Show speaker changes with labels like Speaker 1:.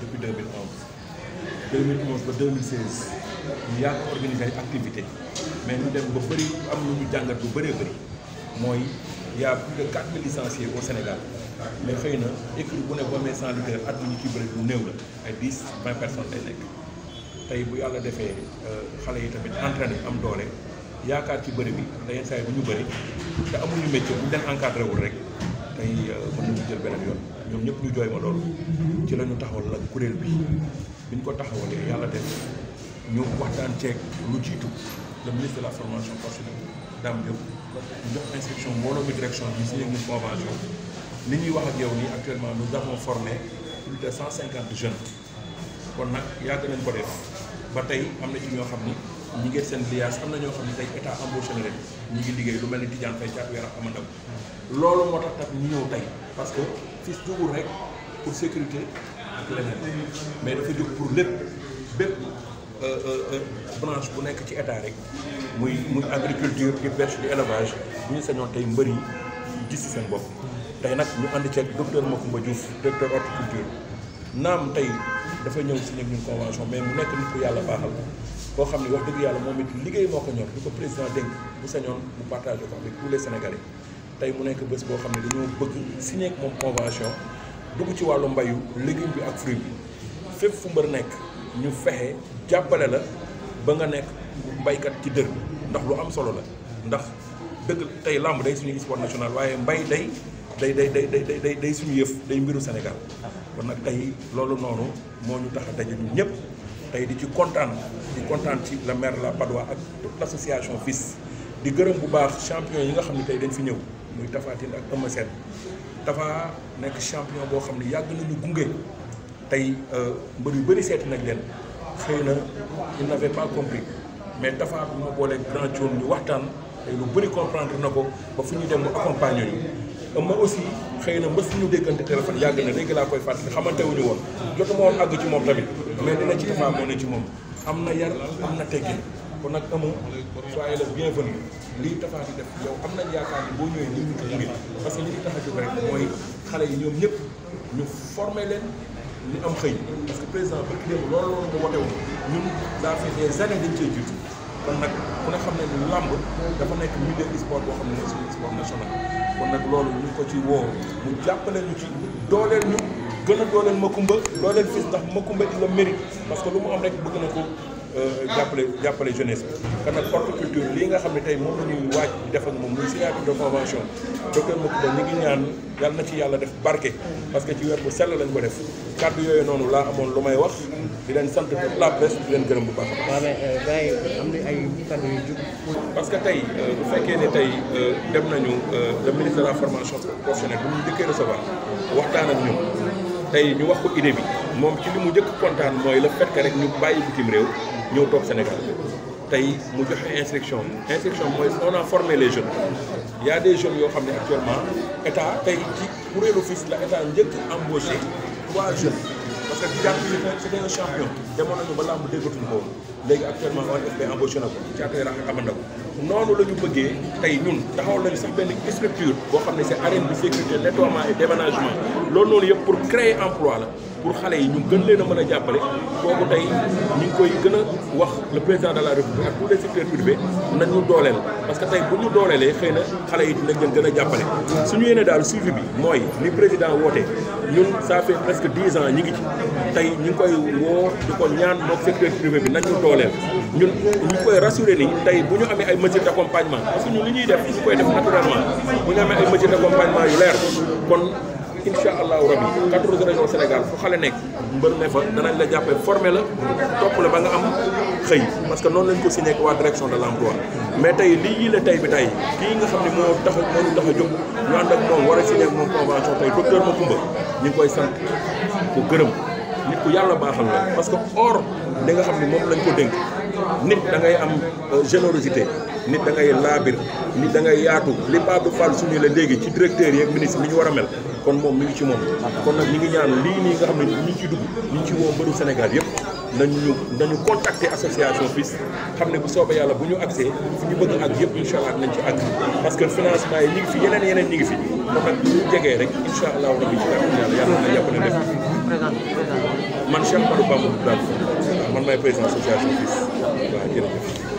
Speaker 1: depuis de 2011 2011 ba 2016 ñu yàgg organiser ay activité mais ñu dem ba bëri am lu ñu jàngat bu bëree bëri mooy y' a plus de 4000 licenciés au Sénégal mais xëy na écrit bu ne boo amee 100 lutteurs at ñu ci bëri lu néew la ay 10 20 personnes lay nekk tey bu yàlla defee euh, xale yi tamit entraîné am doole yaakaar ci bëri bi da yenn saa bu ñu bëri te amuñu métier bu ñu leen encadré wul rek. tey euh, mën nañu jël beneen yoon ñoom ñëpp ñu jooy ma loolu ci la ñu taxawal la kuréel bi bi ñu ko taxawalee yàlla def ñu waxtaan ceeg lu jiitu la ministre de la formation professionnelle Dame Diop ñu jox inscription mbooloo mi direction bi signé ñu convention li ñuy wax ak yow nii actuellement nous avons formé plus de cent cinquante jeunes kon nag yàgg nañ ko def ba tey am na ci ñoo xam ni ñi ngeen seen liaas am na ñoo xam ne tey état embauché na leen ñi ngi liggéey lu mel ni Tidiane Faye caatu yaram ama ndaw loolu moo tax tam ñu ñëw tey parce que fis jugul rek pour sécurité ak leneen mais dafa jóg pour lépp bépp euh, euh, euh, branche bu nekk ci état rek muy muy agriculture di pêche di élevage bu ñu sañoon tey mbër yi gis si seen bopp tey nag ñu ànd ceeg docteur Macoumba Diouf docteur horticulture naam tey dafa ñëw signé ñu convention mais mu nekk nit ku yàlla baaxal koo xam ne wax dëgg yàlla moom it liggéey moo ko ñor lu ko président dénk bu sañoon mu partagé ko avec tous les sénégalais tey mu nekk bés boo xam ne dañoo bëgg signé ak moom convention dugg ci wàllu mbayu liggéey bi ak fruit bi fépp fu mbër nekk ñu fexe jàppale la ba nga nekk mbaykat ci dër ndax lu am solo la ndax dëgg tey làmb day suñu sport national waaye mbay day day day day day day day suñu yëf day mbiru Sénégal kon nag tey loolu noonu moo ñu tax ñëpp. tey di ci kontaan di kontaan ci la maire la Padois ak toute l' di gërëm bu baax champion yi nga xam ni tey dañ fi ñëw muy Tapha ak Eumeu Sène Tapha nekk champion boo xam ne yàgg nañu gunge tey euh, mbër yu bëri seeti nañ leen xëy na il n'avait pas compris mais Tapha bi ma boolee ñu waxtaan tey lu bëri comprendre na ko ba fu ñu dem mu accompagner ñu Eumeu aussi xëy na mbës ñu déggante téléphone yàgg na léegi laa koy fàttali xamante wuñu woon jotuma woon ci moom tamit mais dina ci Tapha moo ci moom am na yar am na teggin kon nag amoo soyez le bienvenu lii Tapha di def yow am na yaakaar ni boo ñëwee nii ñu ngi parce que li ñu tax a jóg mooy xale yi ñoom ñëpp ñu former leen ñu am xëy parce que président bëgg démb loolu loolu nga wote woon ñun daa fi des années dañ cee jiitu kon nag ku ne xam ne ni làmb dafa nekk milieu de sport boo xam ne mooy suñu sport national kon nag loolu ñu ngi ko ci woo mu jàppale ñu ci dooleel ñu. gën a dooleel Makumba dooleel fils ndax Makumba il le mérite parce que lu mu am rek bëgg na ko euh, jàppale jàppale jeunesse bi kon culture horticulture lii nga xam ne tey moom la ñuy waaj def ak moom muy signature de convention docteur Makumba ñu ngi ñaan yàlla na ci yàlla def barke parce que ci weer bu sell lañ ko def kàddu yooyu noonu laa amoon lu may wax di leen sant toute la presse di leen gërëm bu baax euh, a parce que tey euh, bu fekkee ne tey dem nañu le ministre de la formation professionnelle bu ñu njëkkee recevoir waxtaan tey ñu wax ko idée bi moom ci li mu njëkk kontaan mooy la fekk rek ñu bàyyi bitim réew ñëw toog Sénégal tey mu joxe instruction instruction mooy on a formé les jeunes y a des jeunes yoo xam ne actuellement état tey ci kuréelu fils la état njëkk embauché trois jeunes parce que Diatta c'était un champion demoon nañu ba làmb déggatuñu ko léegi actuellement ONFP embauché na ko Diatta Yarakh Amanda ko noonu la bëggee tey ñun taxawal nañu sax benn structure boo xam ne c'est arène de sécurité nettoiement déménagement loolu noonu yëpp pour créer emploi la pour xale yi ñu gën leen a mën a jàppale kooku tey ñu ngi koy gën wax le président de la ak tous les secteurs nañu dooleel parce que tey bu ñu dooleelee xëy na xale yi dinañ leen gën a jàppale suñu yéene daal suivi bi mooy li président woote ñun ça fait presque dix ans ñi ngi ci tey ñu ngi koy woo di ko ñaan mook secteur privé bi nañu dooleel ñun ñu koy rassurer ni tey bu ñu amee ay mesures d' accompagnement parce que ñun li ñuy def ñu koy def naturellement bu ñu incha allahu rabi quatorze régions Sénégal fu xale nekk mbër fa danañ la jàppee formé la topp la ba nga am xëy parce que noonu lañ ko signé ak waa direction de l' emploi mais tey lii yii la tey bi tey kii nga xam ne moo tax moo ñu tax a ñu ànd ak moom war a signé ak moom convention tey docteur Macoumba ñu ngi koy sant ko gërëm nit ku yàlla baaxal la parce que or di nga xam ne moom lañ ko dénk nit da ngay am euh, générosité nit da ngay laabir nit da ngay yaatu li Babou Fall suñu la léegi ci directeur yeeg ministre ni ñu war a mel kon moom mi ngi ci moom kon nag ñi ngi ñaan lii nii nga xam ne ñu ngi ci dugg ñu ngi ci woo mbëru Sénégal yëpp nañu nañu association FILS xam ne bu soobee yàlla bu ñu accès fu ñu bëgg ak yëpp incha allah nañ ci àgg parce que financement yi ñu ngi fi yeneen yeneen ñu ngi fi kon nag bu rek incha allah rabi ci kàttan yàlla yàlla na man Cheikh Badou Bamba man maay président association FILS waaw